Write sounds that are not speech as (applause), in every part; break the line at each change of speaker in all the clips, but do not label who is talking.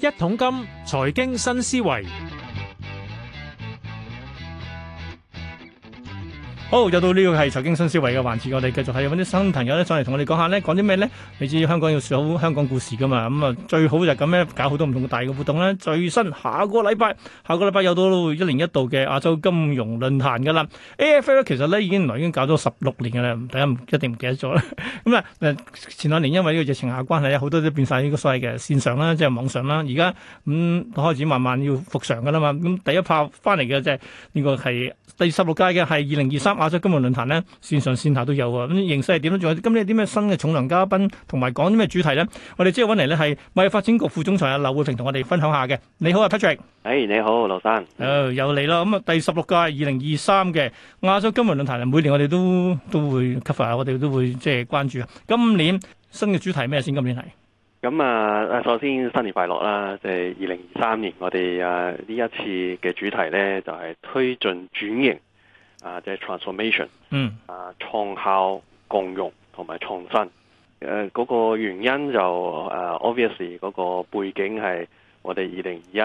一桶金，財經新思維。好，又到呢個係財經新思維嘅環節，我哋繼續係揾啲新朋友咧，上嚟同我哋講下咧，講啲咩咧？你知香港要講好香港故事噶嘛？咁、嗯、啊，最好就咁咧，搞好多唔同嘅大嘅活動啦。最新下個禮拜，下個禮拜有到一年一度嘅亞洲金融論壇噶啦。A F F 其實咧已經嚟已經搞咗十六年噶啦，大家一定唔記得咗啦。咁 (laughs) 啊、嗯、前兩年因為呢個疫情下關係，好多都變晒呢個所謂嘅線上啦，即、就、係、是、網上啦。而家咁開始慢慢要復常噶啦嘛。咁、嗯、第一炮翻嚟嘅就係呢個係第十六屆嘅，係二零二三。亞洲金融論壇咧，線上線下都有喎。咁、嗯、形勢係點咧？仲有今年有啲咩新嘅重量嘉賓，同埋講啲咩主題咧？我哋即係搵嚟咧，係貿易發展局副總裁啊劉會平同我哋分享下嘅。你好啊 Patrick。誒，
你好，劉、hey，生。
誒、呃，又嚟啦。咁、嗯、啊，第十六屆二零二三嘅亞洲金融論壇，每年我哋都都會 cover 我哋都會即係關注啊。今年新嘅主題係咩先？今年係
咁啊，首先新年快樂啦！即係二零二三年，我哋啊呢一次嘅主題咧就係推進轉型。啊！即、就、係、是、transformation，嗯，啊，創效共融同埋創新，誒、啊、嗰、那個原因就誒 obviously 嗰個背景係我哋二零二一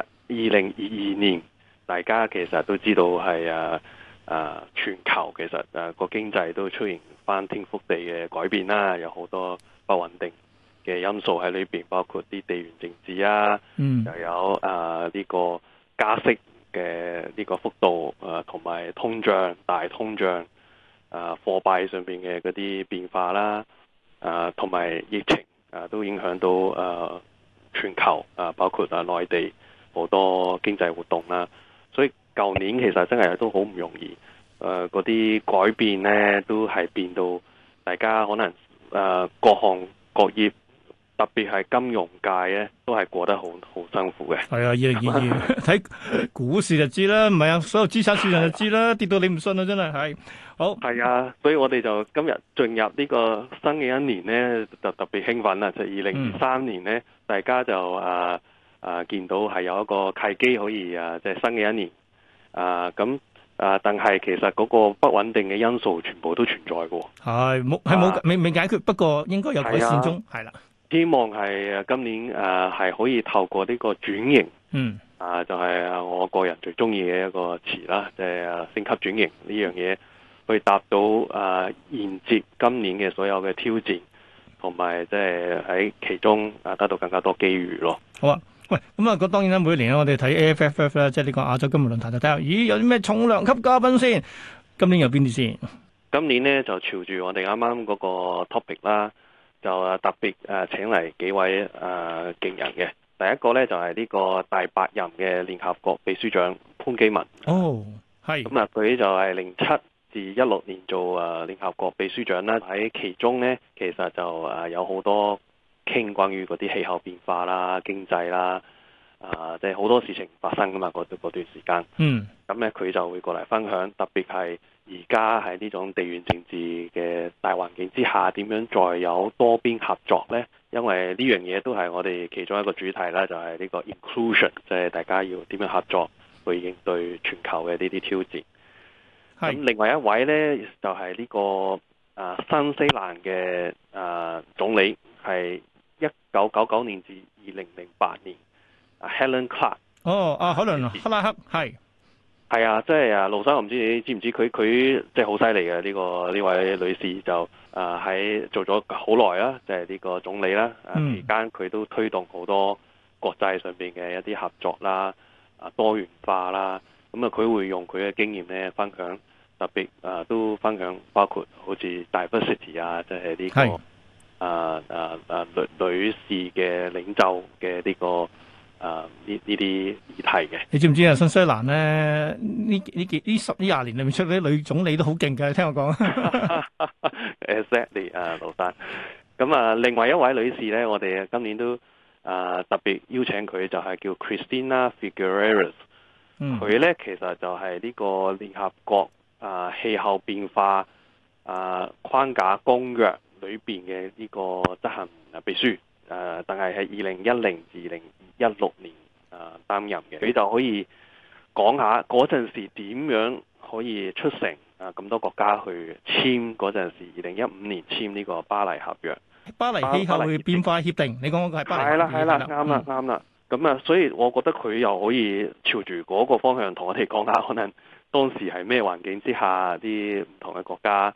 二零二二年，大家其實都知道係啊啊全球其實誒、啊、個經濟都出現翻天覆地嘅改變啦，有好多不穩定嘅因素喺裏面，包括啲地緣政治啊，嗯，又有誒呢、啊這個加息。嘅呢個幅度，誒同埋通脹、大通脹，誒、呃、貨幣上邊嘅嗰啲變化啦，誒同埋疫情，誒、呃、都影響到誒、呃、全球，誒、呃、包括誒內地好多經濟活動啦、呃。所以舊年其實真係都好唔容易，誒嗰啲改變呢都係變到大家可能誒、呃、各行各業。特別係金融界咧，都係過得好好辛苦嘅。
係啊，二零二二睇股市就知啦，唔係啊，所有資產市場就知啦， (laughs) 跌到你唔信啊，真係係。
好係啊，所以我哋就今日進入呢個新嘅一年咧，就特別興奮啦，就二零二三年咧，嗯、大家就啊啊見到係有一個契機可以啊，即係新嘅一年啊咁啊，但係其實嗰個不穩定嘅因素全部都存在嘅。
係冇係冇未未解決，不過應該有改善中，係
啦、啊。希望係今年啊，係可以透過呢個轉型，嗯，啊，就係我個人最中意嘅一個詞啦，即係，升級轉型呢樣嘢，去達到啊，迎接今年嘅所有嘅挑戰，同埋即係喺其中啊，得到更加多機遇咯。
好啊，喂，咁啊，當然啦，每年咧，我哋睇 AFF 啦，即係呢個亞洲金融論壇，就睇下，咦，有啲咩重量級嘉賓先？今年有邊啲先？
今年咧就朝住我哋啱啱嗰個 topic 啦。就啊特別誒請嚟幾位誒勁、呃、人嘅，第一個呢，就係、是、呢個第八任嘅聯合國秘書長潘基文。哦，係。咁啊，佢是就係零七至一六年做誒、呃、聯合國秘書長啦。喺其中呢，其實就誒有好多傾關於嗰啲氣候變化啦、經濟啦，啊，即係好多事情發生噶嘛，嗰段嗰段時間。嗯。咁呢，佢就會過嚟分享，特別係。而家喺呢種地緣政治嘅大環境之下，點樣再有多邊合作呢？因為呢樣嘢都係我哋其中一個主題啦，就係、是、呢個 inclusion，即係大家要點樣合作去應對全球嘅呢啲挑戰。咁是另外一位呢，就係、是、呢、這個啊新西蘭嘅啊總理，係一九九九年至二零零八年 Helen Clark。
是哦，啊海倫克拉克，係。
係啊，即係啊，盧生，我唔知你知唔知佢佢即係好犀利啊。呢、這個呢位女士就啊喺、呃、做咗好耐啦，即係呢個總理啦。期間佢都推動好多國際上邊嘅一啲合作啦，啊多元化啦。咁、嗯、啊，佢會用佢嘅經驗咧分享，特別啊、呃、都分享，包括好似 Diversity 啊，即係呢個啊啊啊女女士嘅領袖嘅呢、這個。啊！呢呢啲議題嘅，
你知唔知啊？新西蘭咧呢呢幾呢十呢廿年裏面出啲女總理都好勁㗎。聽我講
(laughs) (laughs) ，Exactly 啊，劉生咁啊。另外一位女士咧，我哋今年都啊特別邀請佢，就係、是、叫 Christina Figueres。佢咧、嗯、其實就係呢個聯合國啊氣候變化啊框架公約裏邊嘅呢個執行啊秘書。誒、啊，但係喺二零一零至二零一六年啊、呃，擔任嘅佢就可以講下嗰陣時點樣可以出城啊，咁多國家去簽嗰陣時，二零一五年簽呢個巴黎合約。
巴黎氣候變化協定，你講嘅係巴黎協定啦，係啦，係啦，啱啦，
啱啦、啊。咁啊，所以我覺得佢又可以朝住嗰個方向同我哋講下，可能當時係咩環境之下啲唔同嘅國家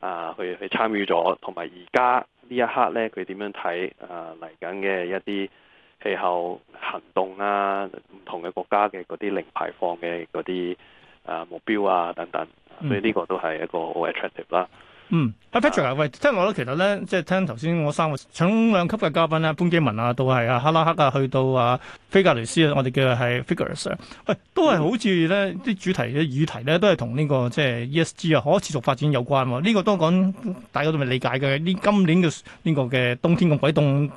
啊去去參與咗，同埋而家呢一刻呢，佢點樣睇啊嚟緊嘅一啲。氣候行動啊，唔同嘅國家嘅嗰啲零排放嘅嗰啲啊目標啊等等，mm. 所以呢個都係一個好 attractive 啦。
嗯，Patrick 阿啊，Patrick, 喂，聽落咧，其實咧，即係聽頭先我三個重量級嘅嘉賓咧，潘基文啊，到係啊克拉克啊，去到啊菲格雷斯啊，我哋嘅係 figures 啊，喂、哎，都係好似咧啲主題嘅議題咧，都係同呢個即係 ESG 啊，可持續發展有關喎。呢、這個都講大家都未理解嘅，呢今年嘅呢、這個嘅冬天咁鬼凍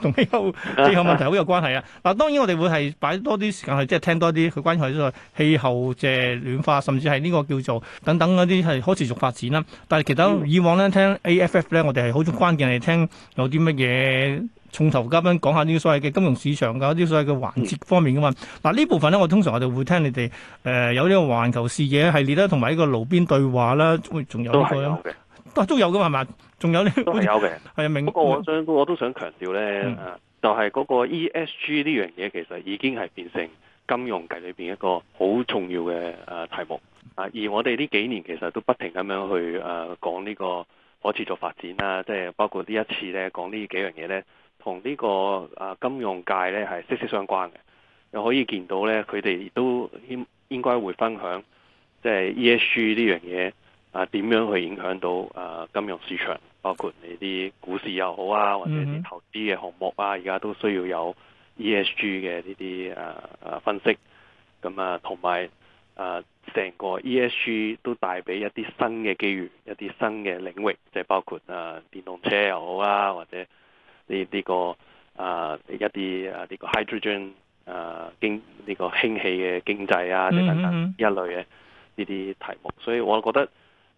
同氣候氣候問題好有關係啊。嗱，當然我哋會係擺多啲時間去，即係聽多啲，佢關於係呢個氣候嘅暖化，甚至係呢個叫做等等嗰啲係可持續發展啦、啊。但係其他。以往咧聽 AFF 咧，我哋係好重關鍵係聽有啲乜嘢重頭嘉賓講下呢啲所謂嘅金融市場噶，啲所謂嘅環節方面噶嘛。嗱、啊、呢部分咧，我通常我哋會聽你哋誒、呃、有呢個環球視野系列啦，同埋呢個路邊對話啦，會仲有一、這個、都有嘅，都都有嘅係嘛？仲有咧都有嘅，
係啊。這個、 (laughs) 明。不過我想我都想強調咧，嗯、就係嗰個 ESG 呢樣嘢，其實已經係變成金融界裏邊一個好重要嘅誒題目。啊！而我哋呢幾年其實都不停咁樣去誒講呢個可持續發展啦，即係包括呢一次咧講呢幾樣嘢咧，同呢個啊金融界咧係息息相關嘅。又可以見到咧，佢哋都應應該會分享，即係 ESG 呢樣嘢啊，點樣去影響到啊金融市場，包括你啲股市又好啊，或者啲投資嘅項目啊，而家都需要有 ESG 嘅呢啲誒誒分析。咁啊，同埋啊。成個 ESG 都帶俾一啲新嘅機遇，一啲新嘅領域，即係包括啊、呃、電動車又好啊，或者呢啲、呢個、呃一呢個、rogen，啊一啲、呢個、啊呢個 hydrogen 啊經呢個氫氣嘅經濟啊等等一類嘅呢啲題目，所以我覺得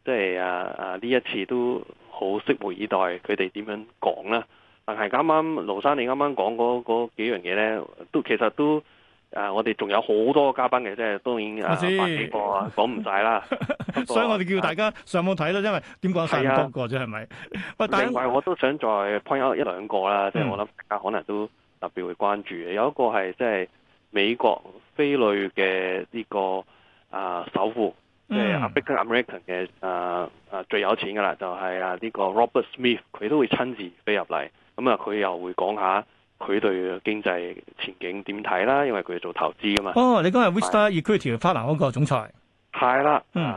即係啊啊呢一次都好拭目以待佢哋點樣講啦。但係啱啱盧生你啱啱講嗰嗰幾樣嘢咧，都其實都。誒、啊，我哋仲有好多嘉賓嘅，即係當然啊，十幾個講唔晒啦。 (laughs) 所以我哋
叫大家上網睇啦，因為點講啊，十多個啫，係咪
是？另外我都想再 point out 一兩個啦，嗯、即係我諗大家可能都特別會關注嘅。有一個係即係美國非裔嘅呢個啊首富，即係、嗯、African American 嘅啊啊最有錢噶啦，就係啊呢個 Robert Smith，佢都會親自飛入嚟，咁啊佢又會講下。佢對經濟前景點睇啦？因為佢做投資噶嘛。哦，你講係 Wisdom
Equity Partner 嗰個總裁。
係啦了，嗯。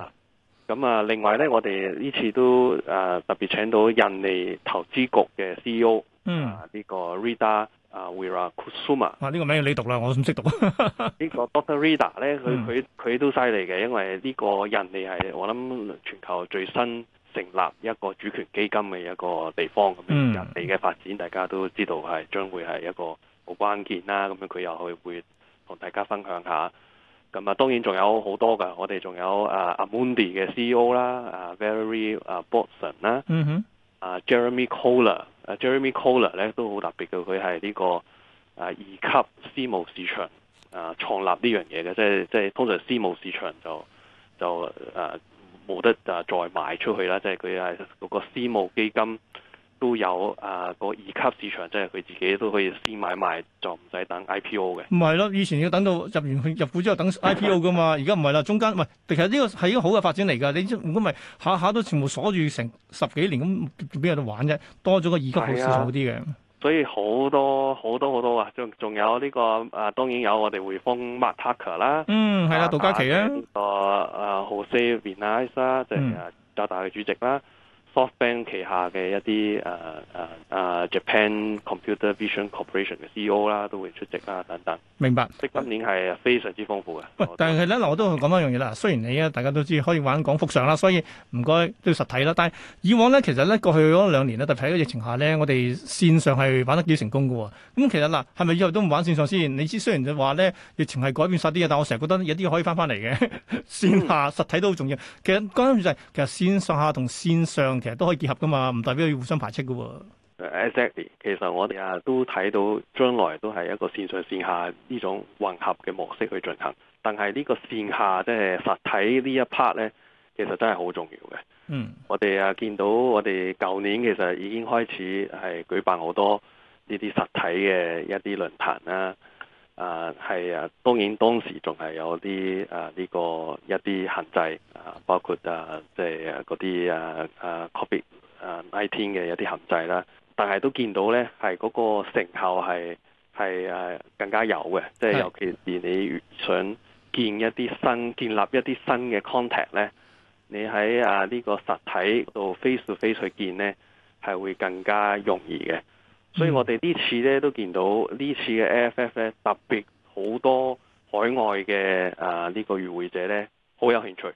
咁啊，另外咧，我哋呢次都誒、啊、特別請到印尼投資局嘅 CEO，啊呢個、嗯、Rida，啊 Weira Kusuma。
啊，呢、這個啊啊這個名你讀啦，我都唔識讀。 (laughs) 個
Dr. 呢個 Doctor Rida 咧，佢佢佢都犀利嘅，因為呢個印尼係我諗全球最新成立一個主權基金嘅一個地方咁樣，人哋嘅、mm hmm. 發展大家都知道係將會係一個好關鍵啦。咁樣佢又去會同大家分享下。咁啊，當然仲有好多㗎，我哋仲有啊阿、uh, Amundi 嘅 CEO 啦，啊 Valerie 啊 Baudson 啦，
啊、hmm. uh,
Jeremy Coller，啊、uh, Jeremy Coller 咧都好特別嘅，佢係呢個啊、uh, 二級私募市場啊、uh, 創立呢樣嘢嘅，即係即係通常私募市場就就啊。Uh, 冇得啊！再賣出去啦，即係佢係嗰個私募基金都有啊、嗰個二級市場，即係佢自己都可以先買賣，就唔使等 IPO 嘅。
唔係咯，以前要等到入完去入股之後等 IPO 噶嘛，而家唔係啦，中間唔係其實呢個係一個好嘅發展嚟㗎。你如果唔係下下都全部鎖住成十幾年咁，邊有得玩啫？多咗個二級市場好啲嘅。
所以好多好多好多啊！仲仲有呢、這個啊，當然有我哋匯豐 Mark Tucker 啦。嗯，係啦，杜嘉琪啊。個啊好、啊、Jose Benitez 啦，就係亞大嘅主席啦。SoftBank 旗下嘅一啲誒誒誒 Japan Computer Vision Corporation 嘅 CEO 啦，都會出席啦等等。明白，即今年係非常之豐富嘅。
喂的但係咧嗱，我都講一樣嘢啦。雖然你啊，大家都知可以玩港覆上啦，所以唔該都要實體啦。但係以往咧，其實咧過去嗰兩年咧，特別喺疫情下咧，我哋線上係玩得幾成功嘅喎。咁、嗯、其實嗱，係咪以後都唔玩線上先？你知雖然就話咧，疫情係改變晒啲嘢，但我成日覺得有啲嘢可以翻翻嚟嘅。線下實體都好重要。其實講緊就係其實線上下同線上。其實都可以結合㗎嘛，唔代表要互相排斥㗎。
Exactly，其實我哋啊都睇到將來都係一個線上線下呢種混合嘅模式去進行。但係呢個線下即係實體呢一 part 呢，其實真係好重要嘅。嗯、mm. 啊，我哋啊見到我哋舊年其實已經開始係舉辦好多呢啲實體嘅一啲論壇啦、啊。啊，係啊，當然當時仲係有啲啊呢、這個一啲限制啊，包括啊即係嗰啲啊啊 COVID-19 嘅一啲限制啦。但係都見到咧，係嗰個成效係係誒更加有嘅，即係尤其連你想見一啲新建立一啲新嘅 contact 咧，你喺啊呢、這個實體度 face to face 去見咧，係會更加容易嘅。所以我哋呢次咧都見到呢次嘅 AFF 咧特別，好多海外嘅啊呢個與會者咧好有興趣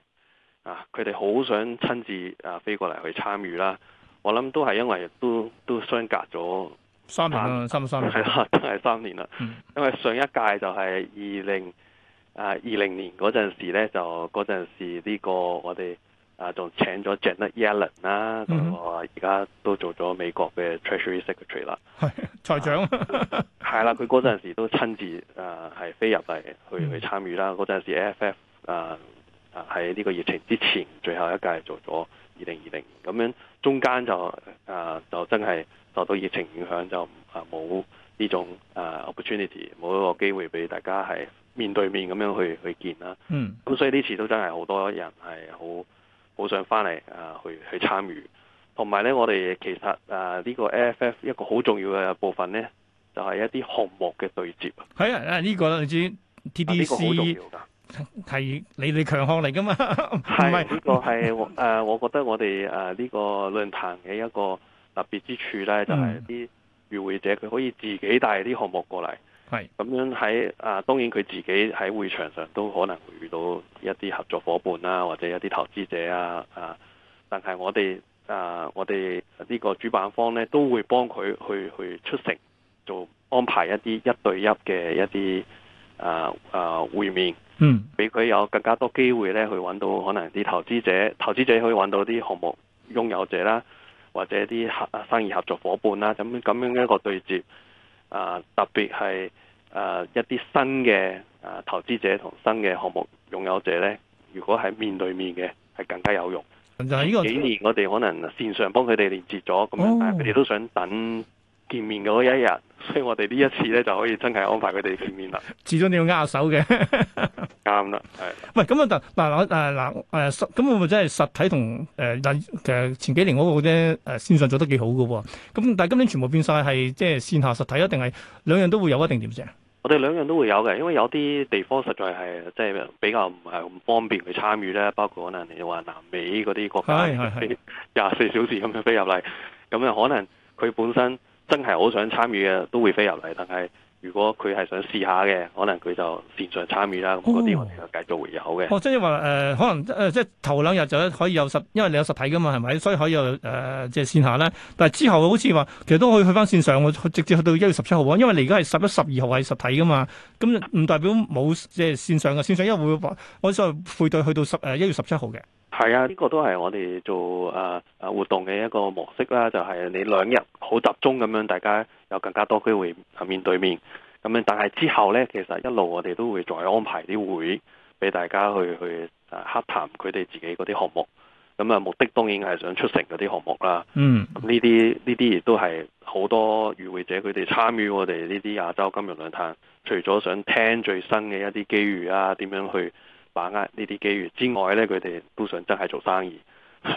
啊，佢哋好想親自啊飛過嚟去參與啦。我諗都係因為都都相隔咗三年，三、三年係咯，都係三年啦。嗯、因為上一屆就係二零啊二零年嗰陣時咧，就嗰陣時呢個我哋。啊，仲請咗 Janet Yellen 啦、嗯哼，咁我而家都做咗美國嘅 Treasury Secretary 啦，係
(laughs) 財長，
係 (laughs) 啦，佢嗰陣時都親自啊係、呃、飛入嚟去去參與啦。嗰陣時 AFF 啊喺呢個疫情之前最後一屆做咗二零二零，咁樣中間就啊、呃、就真係受到疫情影響就啊冇呢種啊、呃、Opportunity 冇一個機會俾大家係面對面咁樣去去見啦。嗯，咁所以呢次都真係好多人係好。好想翻嚟啊，去去參與，同埋咧，我哋其實啊，呢個 AFF 一個好重要嘅部分咧，就係一啲項目嘅對接。
係啊，呢個你知 TDC 係你哋強項嚟噶嘛？唔係呢個
係誒，我覺得我哋誒呢個論壇嘅一個特別之處咧，就係啲與會者佢可以自己帶啲項目過嚟。係咁樣喺啊，當然佢自己喺會場上都可能會遇到一啲合作夥伴啦、啊，或者一啲投資者啊啊，但係我哋啊，我哋呢個主辦方呢，都會幫佢去去出城做安排一啲一對一嘅一啲啊啊會面，嗯，俾佢有更加多機會呢，去揾到可能啲投資者，投資者可以揾到啲項目擁有者啦、啊，或者啲合生意合作夥伴啦、啊，咁咁樣一個對接。啊，特別係啊一啲新嘅啊投資者同新嘅項目擁有者咧，如果係面對面嘅，係更加有用。就係呢個幾年，我哋可能線上幫佢哋連接咗，咁樣、oh. 但係佢哋都想等見面嘅嗰一日。所以我哋呢一次咧，就可以真係安排佢哋見面啦。
始終你要握手嘅，
啱啦，係。
唔係咁啊？嗱嗱嗱誒實咁會唔會真係實體同誒？但其實前幾年嗰個咧誒線上做得幾好嘅喎。咁但係今年全部變晒，係即係線下實體啊？定係、誒、兩樣都會有一定點先？
我哋兩樣都會有嘅，因為有啲地方實在係即係比較唔係咁方便去參與咧。包括可能你話南美嗰啲國家，係廿四小時咁樣飛入嚟，咁啊可能佢本身。真係好想參與嘅都會飛入嚟，但係如果佢係想試下嘅，可能佢就線上參與啦。咁嗰啲我哋就繼續會有嘅。哦，即
係話誒，可能誒、呃、即係頭兩日就可以有實，因為你有實體噶嘛，係咪？所以可以有誒、呃、即係線下咧。但係之後好似話其實都可以去返線上，直接去到一月十七號喎。因為你而家係十一、十二號係實體噶嘛，咁唔代表冇即係線上嘅線上，因為會我所以配對去到十誒一月十七號嘅。
係啊，呢個都係我哋做啊啊活動嘅一個模式啦，就係你兩日好集中咁樣，大家有更加多機會面對面咁樣。但係之後呢，其實一路我哋都會再安排啲會俾大家去去啊洽談佢哋自己嗰啲項目。咁啊目的當然係想出城嗰啲項目啦。嗯，呢啲呢啲亦都係好多與會者佢哋參與我哋呢啲亞洲金融論壇，除咗想聽最新嘅一啲機遇啊，點樣去？把握呢啲機遇之外咧，佢哋都想真係做生意，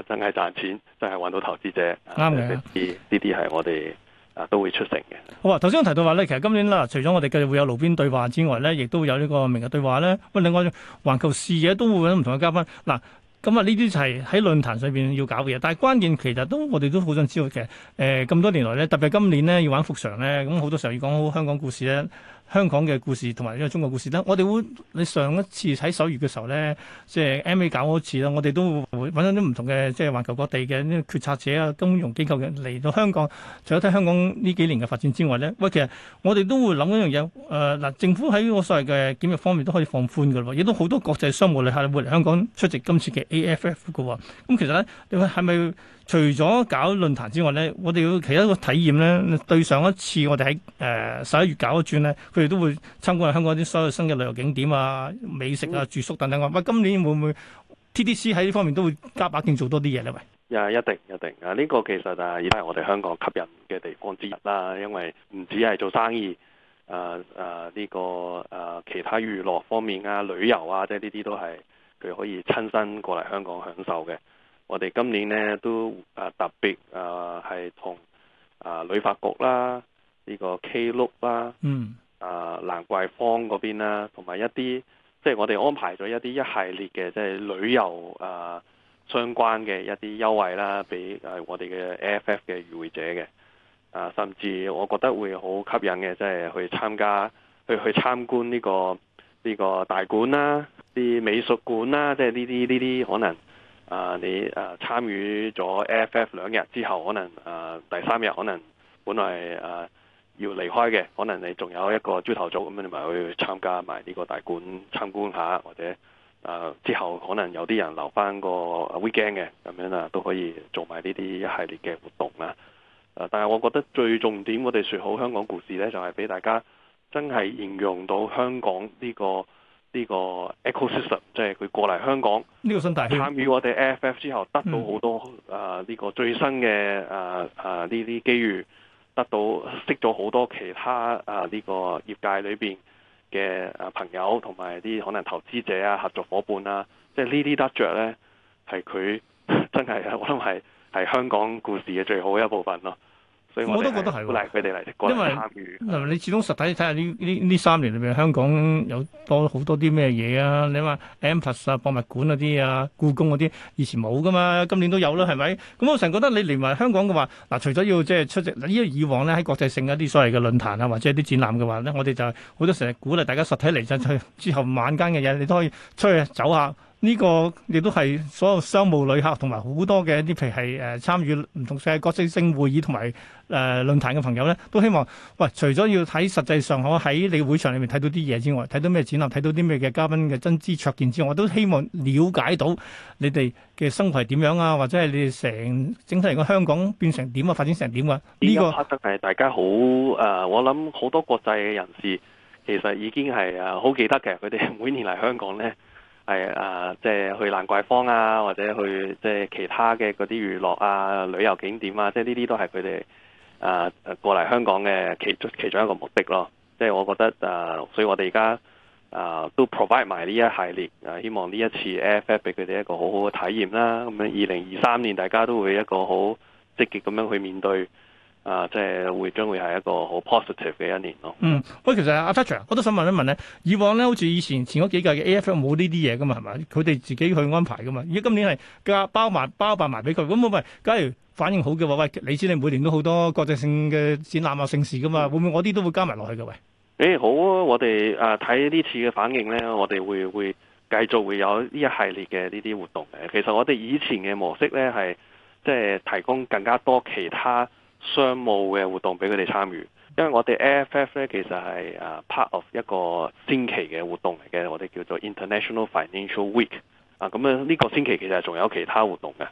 真係賺錢，真係揾到投資者。啱嘅吧，呢啲係我哋啊都會出城
嘅。好啊，頭先提到話咧，其實今年嗱，除咗我哋繼續會有爐邊對話之外咧，亦都有呢個明日對話咧。喂，另外環球視野都會有唔同嘅嘉賓嗱。咁啊，呢啲就係喺論壇上邊要搞嘅嘢。但係關鍵其實都我哋都好想知道嘅。誒、呃，咁多年來咧，特別今年咧，要玩復常咧，咁好多時候要講好香港故事咧。香港嘅故事同埋呢個中國故事啦，我哋會你上一次喺首月嘅時候咧，即係 M A 搞嗰次啦，我哋都會揾到啲唔同嘅即係環球各地嘅呢個決策者啊、金融機構嘅嚟到香港，除咗睇香港呢幾年嘅發展之外咧，喂，其實我哋都會諗一樣嘢，誒、呃、嗱，政府喺個所謂嘅檢疫方面都可以放寬噶啦，亦都好多國際商務旅客會嚟香港出席今次嘅 A F F 噶喎，咁、嗯、其實咧，你話係咪？除咗搞論壇之外咧，我哋嘅其他個體驗咧，對上一次我哋喺誒十一月搞一轉咧，佢哋都會參觀香港啲所有新嘅旅遊景點啊、美食啊、住宿等等、啊。喂，今年會唔會 TDC 喺呢方面都會加把勁做多啲嘢咧？喂，
啊，一定一定啊！呢個其實就係而家我哋香港吸引嘅地方之一啦，因為唔止係做生意，誒誒呢個誒、啊、其他娛樂方面啊、旅遊啊，即係呢啲都係佢可以親身過嚟香港享受嘅。我哋今年呢都啊特別啊係同啊旅發局啦，呢個 Klook 啦，嗯啊蘭桂坊嗰邊啦，同埋一啲即係我哋安排咗一啲一系列嘅即係旅遊啊、呃、相關嘅一啲優惠啦，俾誒、呃、我哋嘅 AFF 嘅與會者嘅啊、呃，甚至我覺得會好吸引嘅，即係去參加去去參觀呢個呢個大館啦，啲美術館啦，即係呢啲呢啲可能。啊，你啊參與咗 AFF 兩日之後，可能啊第三日可能本來啊要離開嘅，可能你仲有一個朝頭早，咁樣咪去參加埋呢個大館參觀下，或者啊之後可能有啲人留翻個 weekend 嘅咁樣啊，都可以做埋呢啲一系列嘅活動啊。啊，但係我覺得最重點，我哋説好香港故事呢，就係、是、俾大家真係應用到香港呢、這個。呢個 ecosystem，即係佢過嚟香港，
參
與我哋 AFF 之後，得到好多啊呢、呃這個最新嘅啊啊呢啲機遇，得到識咗好多其他啊呢、呃這個業界裏邊嘅啊朋友，同埋啲可能投資者啊、合作伙伴啦、啊，即係呢啲得着呢，係佢真係我諗係係香港故事嘅最好一部分咯。我都覺得係喎，鼓勵佢哋嚟過嚟
參與。嗱，你始終實體睇下呢呢呢三年裏邊香港有多好多啲咩嘢啊？你話 M+ 啊、博物館嗰啲啊、故宮嗰啲，以前冇噶嘛，今年都有啦，係咪？咁我成日覺得你連埋香港嘅話，嗱，除咗要即係出席，嗱，依個以往咧喺國際性嗰啲所謂嘅論壇啊，或者啲展覽嘅話咧，我哋就係好多成日鼓勵大家實體嚟曬，去之後晚間嘅嘢，你都可以出去走下。呢個亦都係所有商務旅客同埋好多嘅一啲，譬如係誒、呃、參與唔同世界國際性會議同埋誒論壇嘅朋友咧，都希望喂、呃，除咗要睇實際上可喺你會場裏面睇到啲嘢之外，睇到咩展覽，睇到啲咩嘅嘉賓嘅真知灼見之外，我都希望了解到你哋嘅生活係點樣啊，或者係你哋成整，整，整體嚟講香港變成點啊，發展成點啊？
呢、個係大家好誒，我諗好多國際嘅人士其實已經係誒好記得嘅，佢哋每年嚟香港咧。係啊，即係去蘭桂坊啊，或者去即係其他嘅嗰啲娛樂啊、旅遊景點啊，即係呢啲都係佢哋啊過嚟香港嘅其中其中一個目的咯。即係我覺得啊，所以我哋而家啊都 provide 埋呢一系列啊，希望呢一次 effort 俾佢哋一個好好嘅體驗啦。咁樣二零二三年大家都會一個好積極咁樣去面對。啊，即、就、係、是、會將會係一個好 positive 嘅一年咯。嗯，
喂，其實阿 Tasha，、啊、我都想問一問咧，以往咧，好似以前前嗰幾屆嘅 AFL 冇呢啲嘢噶嘛，係咪？佢哋自己去安排噶嘛？而今年係加包埋包辦埋俾佢。咁啊，咪假如反應好嘅話，喂，你知你每年都好多國際性嘅展覽啊、盛事噶嘛？嗯、會唔會我啲都會加埋落去嘅？喂，
誒，好啊，我哋誒睇呢次嘅反應咧，我哋會會繼續會有呢一系列嘅呢啲活動嘅。其實我哋以前嘅模式咧，係即係提供更加多其他。商務嘅活動俾佢哋參與，因為我哋 AFF 咧其實係誒 part of 一個星期嘅活動嚟嘅，我哋叫做 International Financial Week 啊。咁咧呢個星期其實仲有其他活動嘅，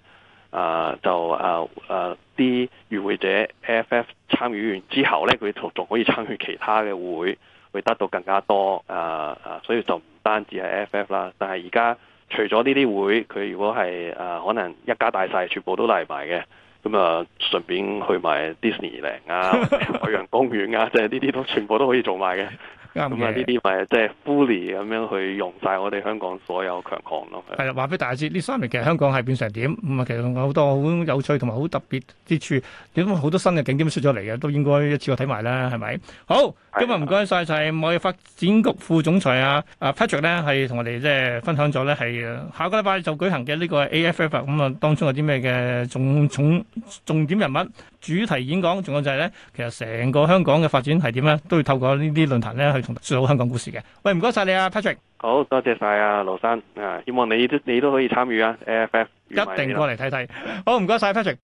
啊就誒誒啲與會者 AFF 參與完之後咧，佢仲仲可以參與其他嘅會，會得到更加多啊啊！所以就唔單止係 AFF 啦，但係而家除咗呢啲會，佢如果係誒、啊、可能一家大細全部都嚟埋嘅。咁啊、嗯，順便去埋 Disneyland 啊、 (laughs) 海洋公園啊，即係呢啲都全部都可以做埋嘅。咁啊、 (laughs) 嗯，呢啲咪即係 fully 咁樣去用晒我哋香港所有強項咯。係
啦，話俾大家知，呢三年其實香港係變成點？咁啊，其實有好多好有趣同埋好特別之處，點好多新嘅景點出咗嚟嘅，都應該一次過睇埋啦，係咪？好。今日唔該曬，就係貿易發展局副總裁啊，阿 Patrick 咧係同我哋即係分享咗咧，係下個禮拜就舉行嘅呢個 AFF，咁啊當中有啲咩嘅重重重點人物、主題演講，仲有就係咧，其實成個香港嘅發展係點咧，都要透過呢啲論壇咧去講好香港故事嘅。
喂，唔該曬你啊，Patrick。好多謝曬啊，羅生啊，希望你都你都可以參與啊，AFF，一定過嚟睇睇。
好，唔該曬，Patrick。